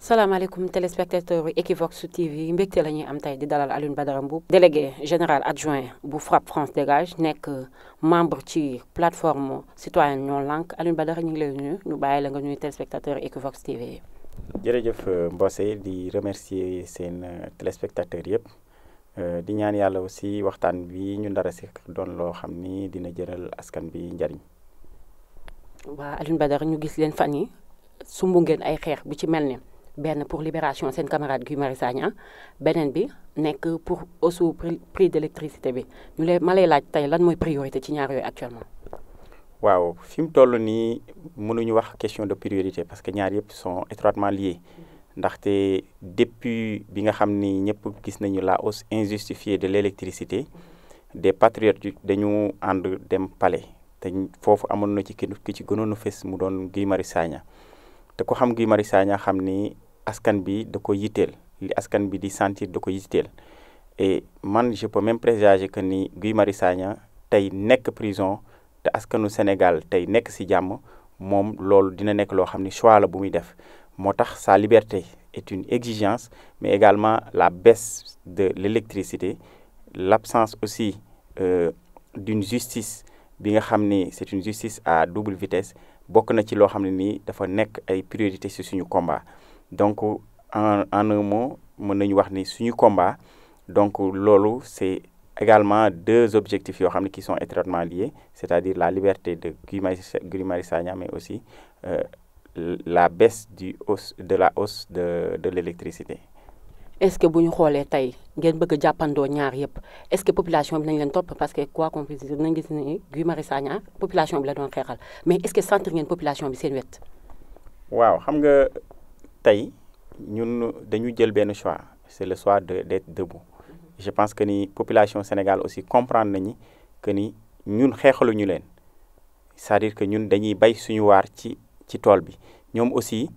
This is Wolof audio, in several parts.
salaamaaleykum téléspectateur Equivox TV mbégte la ñuy am tey di dalal Alioune Badara Mboup délégué général adjoint bu FRAPP France Dégage nekk euh, membre ci plateforme citoyenne ñoo lank Alioune Badara ñu ngi lay nuyu ñu bàyyi la nga nuyu téléspectateur Equivox jërëjëf euh, Mbose di remercier seen euh, téléspectateur yëpp di ñaan yàlla aussi waxtaan bi ñu ndara si doon loo xam ni dina jëral askan bi njariñ. waa Alioune Badara ñu gis leen fan yi sumbu ngeen ay xeex bu ci mel ni benn pour libération seen camarade Guy Marius Sagna beneen bi nekk pour hausse prix d'électricité bi ñu lay ma lay laaj tey lan mooy priorité ci ñaar yooyu actuellement. waaw fi mu toll nii mënuñu wax question de priorité parce que ñaar yëpp son étroitement liés ndaxte depuis bi nga xam ni ñëpp gis nañu la hausse injustifiée de l'électricité des patriote dañu ànd dem palais te foofu amoon na ci ki ci gënoon a fës mu doon Guy Marius Sagna te ko xam Guy Marius askan bi da ko yitteel li askan bi di sentir da ko yitteel et man je peux même présager que ni Guy Marius Sagna tey nekk prison te askanu Sénégal tey nekk si jàmm moom loolu dina nekk loo xam ne choix la bu muy def moo tax sa liberté et une exigence mais également la baisse de l'électricité l'absence aussi euh, d'une justice bi nga xam ni c'est une justice à double vitesse bokk na ci loo xam ne nii dafa nekk ay priorité ci suñu combat donc en en un mën nañu wax ni suñu combat donc loolu c'est également deux objectifs yoo xam ne qui sont étroitement liés c'est-à-dire la liberté de Guy Marius Sagna mais aussi euh, la baisse du hausse de la hausse de de l'électricité est-ce que bu ñu xoolee tey ngeen bëgg jàppandoo ñaar yëpp est-ce que population bi nañ leen topp parce que quoi qu'on puisse dire nañ gis ne Guy Marius Sagna population bi la doon xeexal mais est-ce que sentir ngeen population bi seen tey ñun dañu jël benn choix c'est le choix de d'être debout mm-hmm. je pense que ni population Sénégal aussi comprendre nañu que ni ñun xeexaluñu leen c'est-à-dire que ñun dañuy bay suñu waar ci ci tool bi ñoom aussi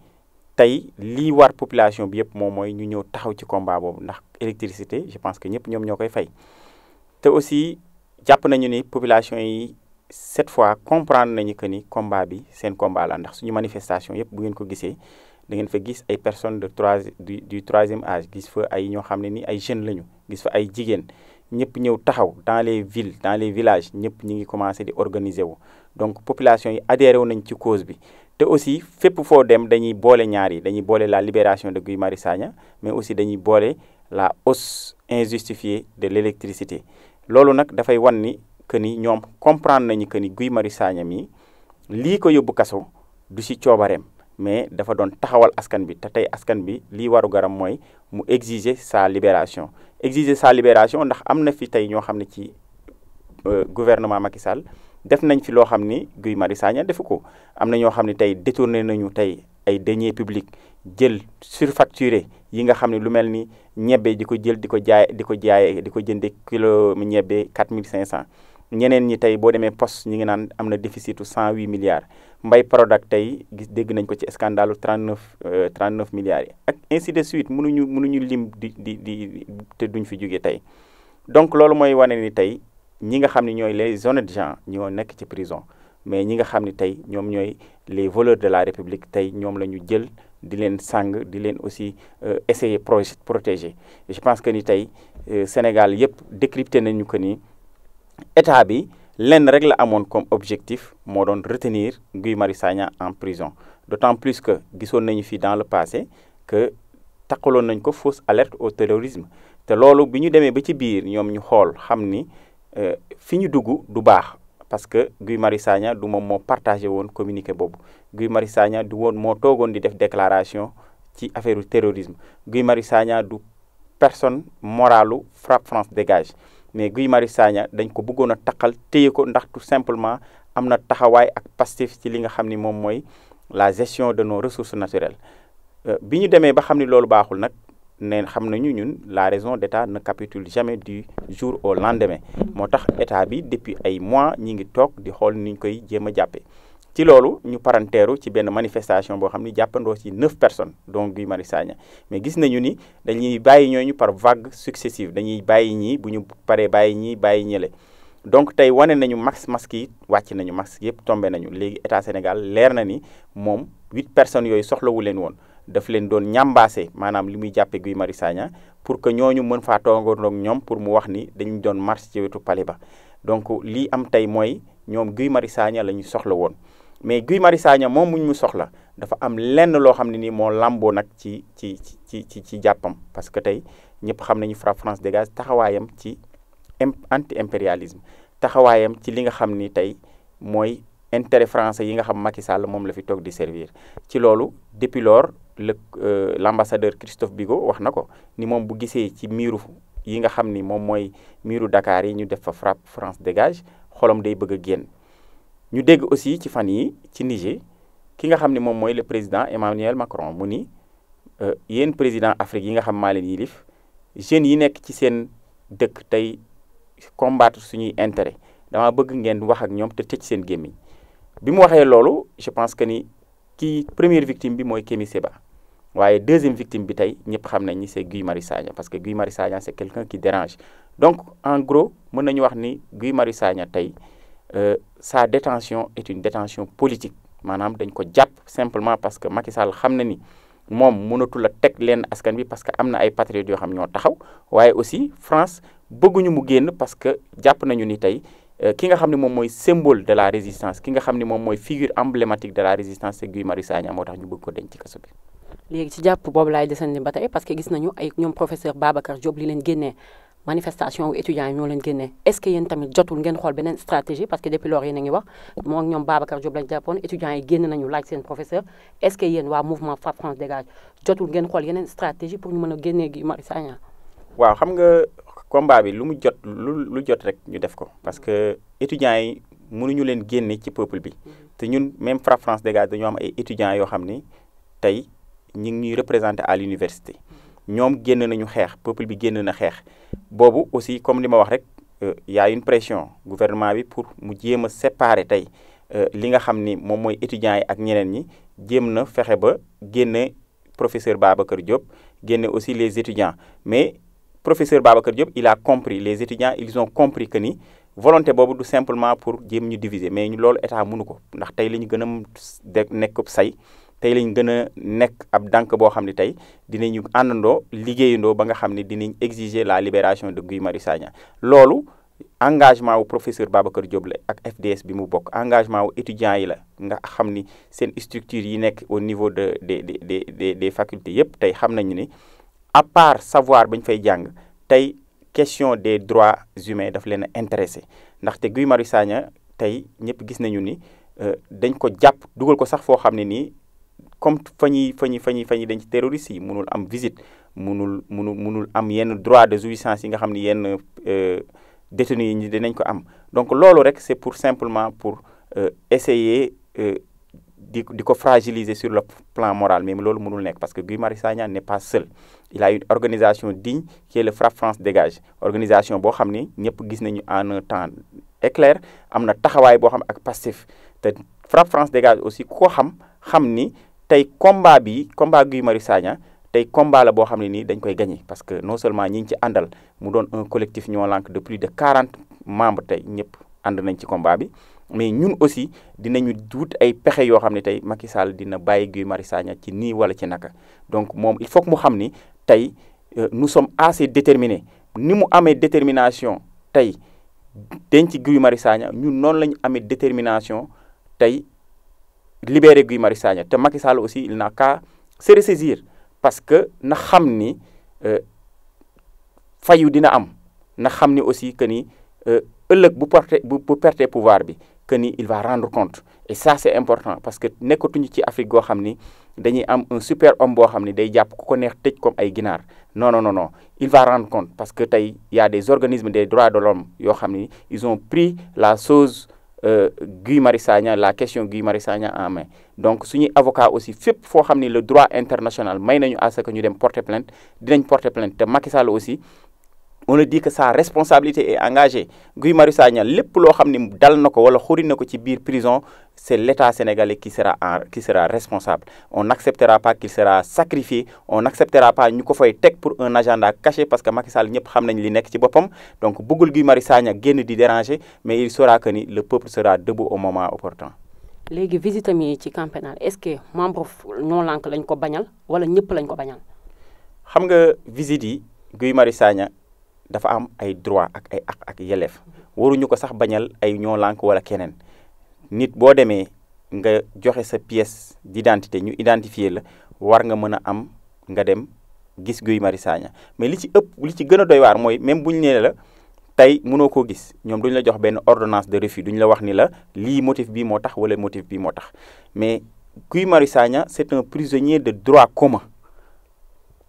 tey lii war population bi yëpp moom mooy ñu ñëw taxaw ci combat boobu ndax électricité je pense que ñëpp ñoom ñoo koy fay te aussi jàpp nañu ni population yi cette fois comprendre nañu que ni combat bi seen combat la ndax suñu manifestation yëpp bu ngeen ko gisee da ngeen fa gis ay personne de trois du du troisième gis fa ay ñoo xam ne ni ay jeunes lañu gis fa ay jigéen ñëpp ñëw taxaw dans les villes dans les villages ñëpp ñu ngi commencé di organiser wu. donc population yi adhéré wu nañ ci cause bi te aussi fépp foo dem dañuy boole ñaar yi dañuy boole la libération de Guy Marius Sagna mais aussi dañuy boole la hausse injustifiée de l'électricité loolu nag dafay wan ni que ni ñoom comprendre nañu que ni Guy Marius Sagna mii lii ko yóbbu kaso du ci coobareem. mais dafa doon taxawal askan bi te tey askan bi lii waru garam mooy mu exiger sa libération exiger sa libération ndax am na fi tey ñoo xam ne ci euh, gouvernement Macky Sall def nañ fi loo xam ni Guy Marius Sagna defu ko am na ñoo xam ne tey détourné nañu tey ay deniers publics jël surfacturé yi nga xam ne lu mel ni ñebbe di ko jël di ko jaay di ko jaayee di ko jënde kilo ñebbe 4500 ñeneen ñi tey boo demee poste ñu ngi naan am na déficitu cent huit milliards mbay Prodac tey gis dégg nañ ko ci scandale trente neuf trente neuf euh, milliards yi ak ainsi de suite mënuñu mënuñu lim di di te duñ fi jóge tey donc loolu mooy wane ni tey ñi nga xam ne ñooy le les honnêtes gens ñoo nekk ci prison mais ñi nga xam ni tey ñoom ñooy les voleur de la république tey ñoom la ñu jël di leen sàng di leen aussi euh, essayer protéger je pense que ni tey euh, Sénégal yëpp décrypté nañu ko ni état bi lenn rek la amoon comme objectif moo doon retenir Guy Marius Sagna en prison d'autant plus que gisoon nañu fi dans le passé que takkaloon nañ ko fausse alerte au terrorisme te loolu bi ñu demee ba ci biir ñoom ñu xool xam ni euh, fi ñu dugg du baax parce que Guy Marius Sagna du moom moo partagé woon communiqué boobu Guy Marius Sagna du woon moo toogoon di def déclaration ci affaire terrorisme Guy mari Sagna du personne moralu frappe France dégage mais Guy Marius Sagna dañ ko bëggoon a taqal téye ko ndax tout simplement am na taxawaay ak Pastef ci li nga xam ni moom mooy la gestion de nos ressources naturelles euh, bi ñu demee ba xam ni loolu baaxul nag neen xam nañu ñun la raison d'état ne capitule jamais du jour au lendemain moo tax état bi depuis ay mois ñi ngi toog di xool ni koy jéem a jàppee ci loolu ñu paranteeru ci benn manifestation boo xam ni jàppandoo ci neuf personnes dont Guy Marius Sagna mais gis nañu ni dañuy bàyyi ñooñu par vague successive dañuy bàyyi ñii bu ñu paree bàyyi ñii bàyyi ñële donc tey wane nañu max masque yi wàcc nañu masque yëpp tombé nañu léegi état Sénégal leer na ni moom huit personnes yooyu soxlawu leen woon daf leen doon ñàmbaase maanaam li muy jàppe Guy Marius Sagna pour que ñoo ñu mën faa toogandoog ñoom pour mu wax ni dañu doon marche ci wetu palais ba donc lii am tey mooy ñoom Guy Marius la ñu soxla woon mais Guy Marius moom mu mu soxla dafa am lenn loo xam ne nii moo làmboo nag ci ci ci ci ci jàppam parce que tey ñëpp xam nañu Frapp France Dégage taxawaayam ci anti impérialisme taxawaayam ci li nga xam ni tey mooy intérêt français yi nga xam Macky Sall moom la fi toog di servir ci loolu depuis lors le euh, l' ambassadeur Christophe Bigot wax na ko ni moom bu gisee ci miiru yi nga xam ni moom mooy miiru Dakar yi ñu def fa Frapp France Dégage xolom day bëgg a génn ñu dégg aussi ci fan yi ci Niger ki nga xam ne moom mooy le président Emmanuel Macron mu ni euh, yéen président Afrique yi nga xam maa leen yilif jeunes yi nekk ci seen dëkk tey combattre suñuy intérêt dama bëgg ngeen wax ak ñoom te tëj seen gémmiñ bi mu waxee loolu je pense que ni kii premier victime bi mooy Kémi ba waaye deuxième victime bi tey ñëpp xam nañ ni c' est Guy Marius Sagna parce que Guy Marius Sagna c' est quelqu'un qui dérange donc en gros mën nañu wax ni Guy Marius tey Euh, sa détention est une détention politique maanaam dañ ko jàpp simplement parce que Macky Sall xam na ni moom mënatul a teg leen askan bi parce que am na ay patriotes yoo xam ñoo taxaw waaye aussi France bëgguñu mu génn parce que jàpp nañu ni tey euh, ki nga xam ne moom mooy symbole de la résistance ki nga xam ne moom mooy figure emblématique de la résistance c'est Guy Marius Sagna moo tax ñu bëgg ko denc ci kaso bi. léegi ci jàpp boobu laay desandi ba tey parce manifestation wu étudiants yi ñoo leen génnee est ce que yéen tamit jotul ngeen xool beneen stratégie parce que depuis lors yéen a ngi wax moo ak ñoom Babacar Diop lañ jàppoon étudiants yi génn nañu seen professeur est ce que yéen waa mouvement Frapp France dégage jotul ngeen xool yeneen stratégie pour ñu mën a génnee Guy Marius waaw xam nga combat bi lu mu jot lu lu jot rek ñu def ko parce que étudiants yi mënuñu leen génne ci peuple bi te ñun même Frapp France dégage dañoo am ay étudiants yoo xam ni tey ñu ngi ñuy représenté à l'université ñoom génn nañu xeex peuple bi génne na xeex boobu aussi comme li ma wax rek euh, y a une pression gouvernement bi pour mu jéem a séparer tey euh, li nga xam ni moom mooy étudiants yi ak ñeneen ñi jéem na fexe ba génne professeur kër Diop génne aussi les étudiants mais professeur Babacar Diop il a compris les étudiants ils ont compris que ni volonté boobu du simplement pour jéem ñu diviser mais ñu loolu état munu ko ndax tey la ñu gën a nekk say tey lañ gën a nekk ab dànk boo xam ne tey dinañu àndandoo liggéeyandoo ba nga xam ne dinañ exiger la libération de Guy Marius Sagna loolu engagement wu professeur Babacar Diop la ak FDS bi mu bokk engagement wu étudiants yi la nga xam ni seen structure yi nekk au niveau de de de des des facultés yëpp tey xam nañu ni à part savoir ba fay jàng tey question des droits humains daf leen a intéressé ndaxte Guy Marius Sagna tey ñëpp gis nañu ni euh, dañ ko jàpp dugal ko sax foo xam ne nii comme fa ñuy fa ñuy fa ñuy fa ñuy denc terroriste yi mënul am visite munul mënul mënul am yenn droit de jouissance yi nga xam ne yenn euh, détenus yi ñu dinañ ko am donc loolu rek c'est pour simplement pour euh, essayer euh, di di ko fragiliser sur le plan morale mais loolu mënul nekk parce que Guy Marius Sagna n'est pas seul il a une organisation digne qui est le France Dégage organisation boo xam ni ñëpp gis nañu en temps éclair am na taxawaay boo xam ak Pastef te FRAPP France Dégage aussi ku xam xam ni tey combat bi combat Guy Marius Sagna tey combat la boo xam ne nii dañ koy gagné parce que non seulement ñi ngi ci àndal mu doon un collectif ñoo lànk de plus de quarante membre tey ñëpp ànd nañ ci combat bi mais ñun aussi dinañu wut ay pexe yoo xam ne tey Macky dina bàyyi Guy Marius Sagna ci nii wala ci naka donc moom il faut que mu xam ni tey euh, nous sommes assez déterminés ni mu amee détermination tey denc Guy Marius Sagna ñun noonu la ñu amee détermination tey libérer Guy Marius Sagna te Macky aussi il n'a qu'à se ressaisir parce que na xam ni euh, fayu dina am na xam ni aussi que ni euh, ëllëg bu porté bu bu perte pouvoir bi que ni il va rendre compte et ça c'est important parce que nekkatuñu ci Afrique goo xam ni dañuy am un super homme boo xam ni day jàpp ku ko neex tëj comme ay ginaar non non non il va rendre compte parce que tey y des organismes des droits de l'homme yoo xam ni ils ont pris la chose Euh, Guy Marius Sagna la question Guy Marius Sagna en main donc suñuy avocat aussi fépp foo xam ni le droit international may nañu à ce ñu dem porter plainte dinañ porter plainte te Macky aussi on a dit que sa responsabilité est engagée Guy Marius Sagna lépp loo xam ne dal na ko wala xuri na ko ci biir prison c'est l'État sénégalais qui sera en qui sera responsable on n'acceptera pas qu'il sera sacrifié on n'acceptera pas ñu ko fay teg pour un agenda caché parce que Macky Sall ñëpp xam nañ li nekk ci boppam donc bëggul Guy Marius Sagna génn di dérangé mais il saura que le peuple sera debout au moment opportun léegi visitam yi ci camp pénal est-ce que membre ñoo lànk lañ ko bañal wala ñëpp lañ ko bañal xam nga visite yi Guy Marius dafa am ay droit ak ay ak ak yelleef waruñu ko sax bañal ay ñoo lànk wala keneen nit boo demee nga joxe sa pièce d'identité ñu identifier la war nga mën a am nga dem gis Guy Marius Sagna mais li ci ëpp li ci gën a doy waar mooy même bu ñu nee la tey mënoo ko gis ñoom duñ la jox benn ordonnance de refus duñ la wax ni la lii motif bii moo tax wala motif bii moo tax mais Guy Marius Sagna c'est un prisonnier de droit commun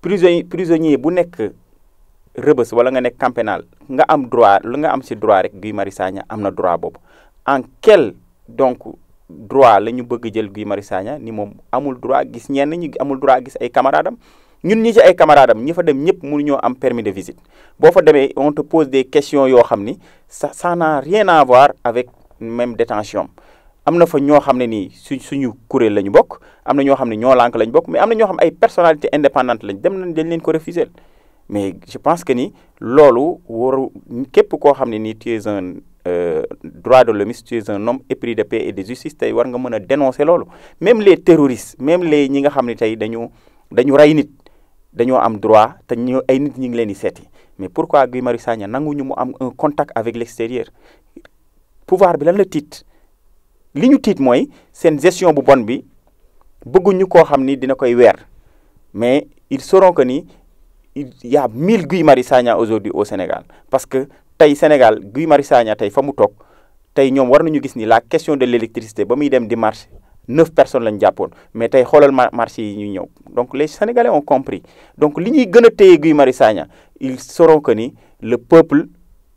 prisonnier bu nekk rëbës wala nga nekk campenal nga am droit lu nga am si droit rek Guy Marius Sagna am na droit boobu en quel donc droit la ñu bëgg jël Guy Marius Sagna ni moom amul droit gis ñenn ñi amul droit gis ay camarades ñun ñi ci ay camarades am ñi fa dem ñëpp mënuñoo am permis de visit boo fa demee on te pose des questions yoo xam ni sa ça n'a rien à voir avec même détention am na fa ñoo xam ne nii suñ suñu kuréel la ñu bokk am na ñoo ne ñoo lànk la ñu bokk mais am na ñoo xam lañ dem nañ dañ leen ko refuser mais je pense que ni loolu waru képp koo xam ne nii tu es un euh, droit de l'homme tu es un homme épris de paix et de justice tey war nga mën a dénoncer loolu même les terroristes même les ñi nga xam ne tey dañu dañu rey nit dañoo am droit te ñu ay nit ñi ngi leen di seeti mais pourquoi Guy Marius Sagna nanguñu mu am un contact avec l'extérieur pouvoir bi lan la tiit li ñu tiit mooy seen gestion bu bon bi bëgguñu koo xam ni dina koy weer mais ils sauront que ni il y a mille Guy Marius Sagna aujourd'hui au Sénégal parce que tey Sénégal Guy mari Sagna tey fa mu toog tey ñoom war nañu gis ni la question de l'électricité ba muy dem di marché neuf personnes lañ jàppoon mais tey xoolal marché yi ñuy ñëw donc les Sénégalais ont compris donc li ñuy gën a téye Guy Marius Sagna ils sauront que ni le peuple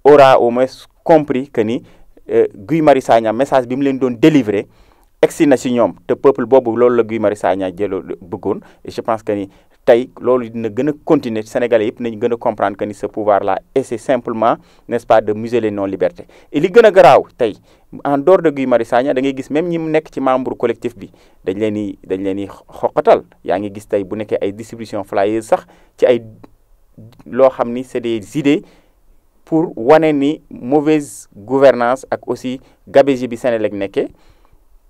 aura au moins compris que ni euh, Guy Marius Sagna message bi mu leen doon délivrer egsi na si ñoom te peuple boobu loolu la Guy Marius Sagna jëloo bëggoon et je pense que ni tey loolu dina gën a continuer Sénégalais yëpp nañ gën a comprendre que ni ce pouvoir là et c'est simplement n'est-ce pas de museler nos libertés et li gën a garaaw tey en dehors de Guy Marius Sagna da ngay gis même ñi mu nekk ci membre collectif bi dañ leen di dañ leen di xoqatal yaa ngi gis tey bu nekkee ay distribution flyers sax ci ay loo xam ni c'est des idées pour wane ni mauvaise gouvernance ak aussi gabegie bi Sénégal nekkee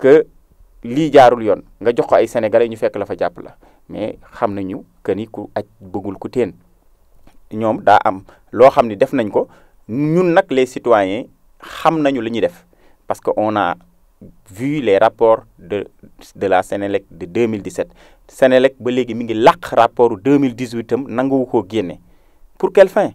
que lii jaarul yoon nga jox ko ay sénégalais ñu fekk la fa jàpp la mais xam nañu que ni ku aj bëggul ku teen ñoom daa am loo xam ni def nañ ko ñun nag les citoyens xam nañu li ñuy def parce que on a vu les rapport de de la Sénélec de 2017 Sénélec ba léegi mi ngi làq rapport 2018 am nanguwu koo génne pour quelle fin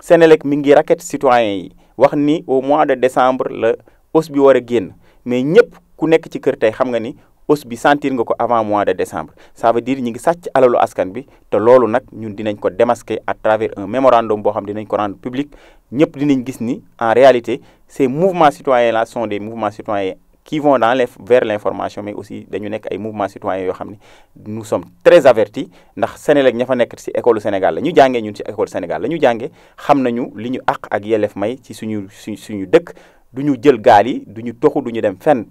Sénélec mi ngi racket citoyens yi wax ni au mois de décembre la hausse bi war a génn mais ñëpp ku nekk ci kër tey xam nga ni aussi bi sentir nga ko avant mois de décembre ça veut dire ñi ngi sàcc alalu askan bi te loolu nag ñun dinañ ko démasquer à travers un mémorandum boo xam dinañ ko rendre public ñëpp dinañ gis ni en réalité ces mouvements citoyens là sont des mouvements citoyens qui vont dans les vers l'information aussi dañu nekk ay mouvements citoyens yoo xam ne nous sommes très avertis ndax Sénégal ña fa nekk ci école Sénégal la ñu jàngee ñun si école Sénégal la ñu jàngee xam nañu li ñu àq ak yelef may ci suñu suñu dëkk du ñu jël gaal yi du ñu toxu du ñu dem fenn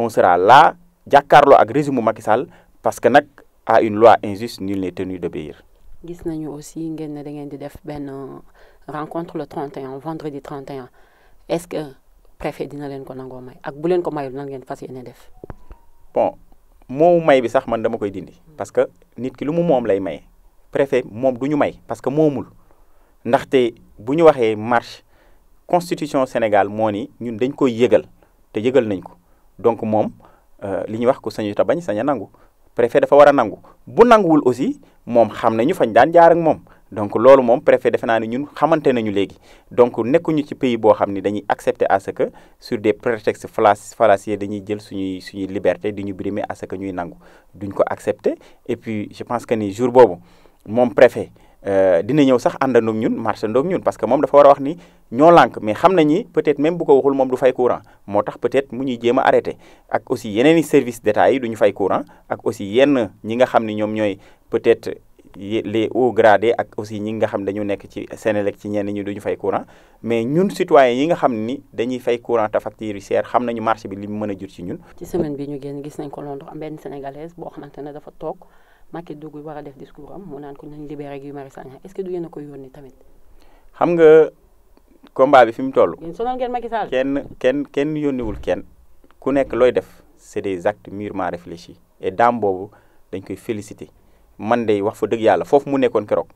on sera là jàkkaarloo ak régime Macky Sall parce que nag à une loi injuste nul n'est tenu d'obéir gis nañu aussi ngeen ne da ngeen di def benn euh, rencontre le 31 vendredi 31 est-ce que préfet dina leen ko nangoo may ak bu leen ko mayul nan ngeen fas yéene def. bon moomu may bi sax man dama koy dindi parce que nit ki lu mu moom lay maye préfet moom du ñu may parce que moomul ndaxte bu ñu waxee marche constitution Sénégal moo ni ñun dañ koy yëgal te yëgal nañ ko. donc moom euh, li ñuy wax ku sañuta bañ sañ a nangu préfet dafa war a nangu bu nanguwul aussi moom xam nañu fañ daan jaar ak moom donc loolu moom préfet defe naa ne ñun xamante nañu léegi donc nekkuñu ci pays boo xam ni dañuy accepter à ce que sur des prétextes fallacieux dañuy jël suñuy suñuy liberté di ñu brimer à ce que ñuy nangu duñ ko accepter et puis je pense que ni jour boobu moom préfé Euh, dina ñëw sax àndandoom ñun marchandoom ñun parce que moom dafa war a wax ni ñoo lànk mais xam nañ ni peut-être même ko waxul moom du fay courant moo tax peut-être mu ñuy jéem aussi yeneen i service d'État yi du ñu fay courant ak aussi yenn ñi nga xam ne ñoom ñooy peut-être les grade ak aussi ñi nga xam dañu nekk ci Senelec ci ñenn ñi duñu fay courant mais ñun citoyens yi nga xam ni dañuy fay courant te facture yi seer xam nañu marché bi li mu mën a jur ci ñun. ci semaine bi ñu génn gis nañ ko Londres am boo xamante ne dafa toog. Macky dugg war a def discours am mu naan ko nañ libéré Guy Marius Sagna est-ce que du yéen ko yónni tamit. xam nga combat bi fi mu toll. yéen sonal ngeen Macky Sall. kenn kenn kenn wul kenn ku nekk looy def c'est des actes mûrement réfléchis et daam boobu dañ koy féliciter man de wax fa dëgg yàlla foofu mu nekkoon keroog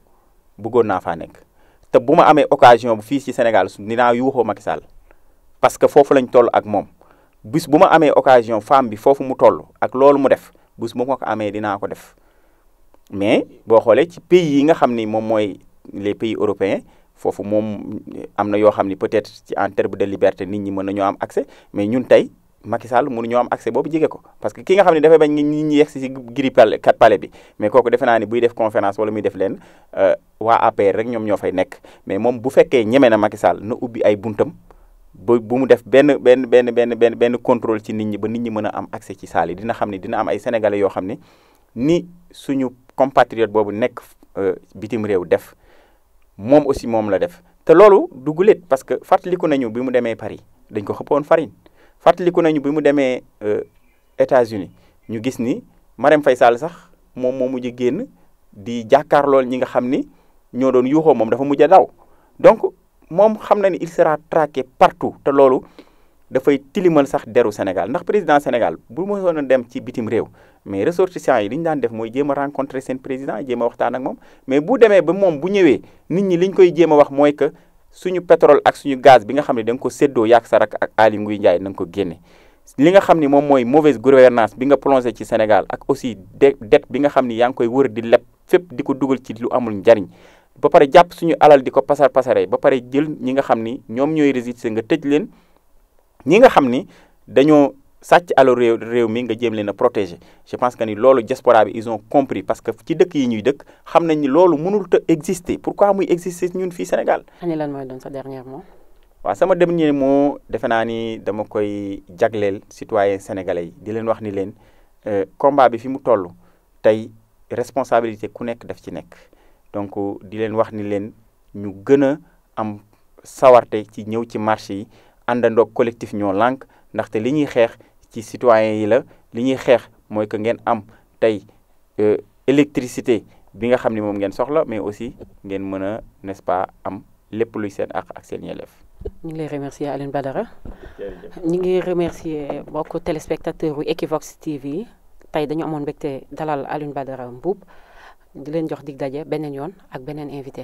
bëggoon naa faa nekk te bu ma amee occasion bu fii ci Sénégal dinaa yuuxoo Macky Sall parce que foofu lañ toll ak moom bis bu ma amee occasion femme bi foofu mu toll ak loolu mu def bis bu ma ko amee dinaa ko def. mais boo xoolee ci pays yi nga xam ni moom mooy les pays européens foofu moom eh, am na yoo xam ni peut-être ci en terme de liberté nit ñi mën nañoo am accès mais ñun tey Macky Sall mënuñoo am accès boobu jege ko parce que ki nga xam ne dafay ba nit ñi yegsi si giri palais bi mais kooku defe naa ni buy def conférence wala muy def leen euh, waa APR rek ñoom ñoo fay nekk mais moom bu fekkee ñemee na Macky Sall na ubbi ay buntam ba bu mu def benn benn benn benn benn benn contrôle ci nit ñi ba nit ñi mën a am accès ci salle yi dina xam ne dina am ay sénégalais yoo xam ne ni suñu compatriote boobu nekk euh, bitim réew def moom aussi moom la def te loolu dugg duguleet parce que fàttaliku nañu bi mu demee Paris dañ ko xëppoon farine fàttaliku nañu bi mu demee euh, États-Unis ñu gis ni Marème fay Sall sax moom moo mujj génn di jàkkaarloo ñi nga xam ni ñoo doon yuuxoo moom dafa mujj a daw donc moom xam na ni il sera traqué partout te loolu dafay tilimal sax deru Sénégal ndax président Sénégal bu mosoon dem ci bitim réew mais ressortissants yi li ñu daan def mooy jéem a rencontrer seen président jéem a waxtaan ak moom mais bu demee ba moom bu ñëwee nit ñi li ñu koy jéem a wax mooy que suñu pétrole ak suñu gaz bi nga xam ne da nga ko séddoo yàq sa rak ak Aly Ngouille Ndiaye na ko génne li nga xam ni moom mooy mauvaise gouvernance bi nga plongé ci Sénégal ak aussi dette bi nga xam ni yaa ngi koy wër di leb fépp di ko dugal ci lu amul njariñ ba pare jàpp suñu alal di ko pasar pasare ba pare jël ñi nga xam ni ñoom ñooy résister nga tëj leen ñi nga xam ni dañoo sàcc alors réew mi nga jëm leen a protéger je pense que ni loolu diaspora bi ils ont compris parce que ci dëkk yi ñuy dëkk xam nañ ni loolu mënul te exister pourquoi muy exister ñun fii Sénégal. ani lan mooy doon sa dernier mot. waaw sama dernier moo defe naa ni dama koy jagleel citoyen sénégalais yi di leen wax ni leen euh, combat bi fi mu toll tey responsabilité ku nekk daf ci nekk donc di leen wax ni leen ñu gën a am sawarte ci ñëw ci marché yi àndandoog collectif ñoo lànk ndaxte li ñuy xeex. ci citoyens yi la li ñuy xeex mooy que ngeen am tey euh, électricité bi nga xam ne moom ngeen soxla mais aussi ngeen mën a nest pas am lépp luy seen àq ak seen yelleef. ñu ngi lay remercier Alioune Badara ñu ngi remercier mbokk téléspectateur yu Equivox TV tey dañu amoon mbégte dalal Alioune Badara Mboup leen jox dig daje beneen yoon ak beneen invité.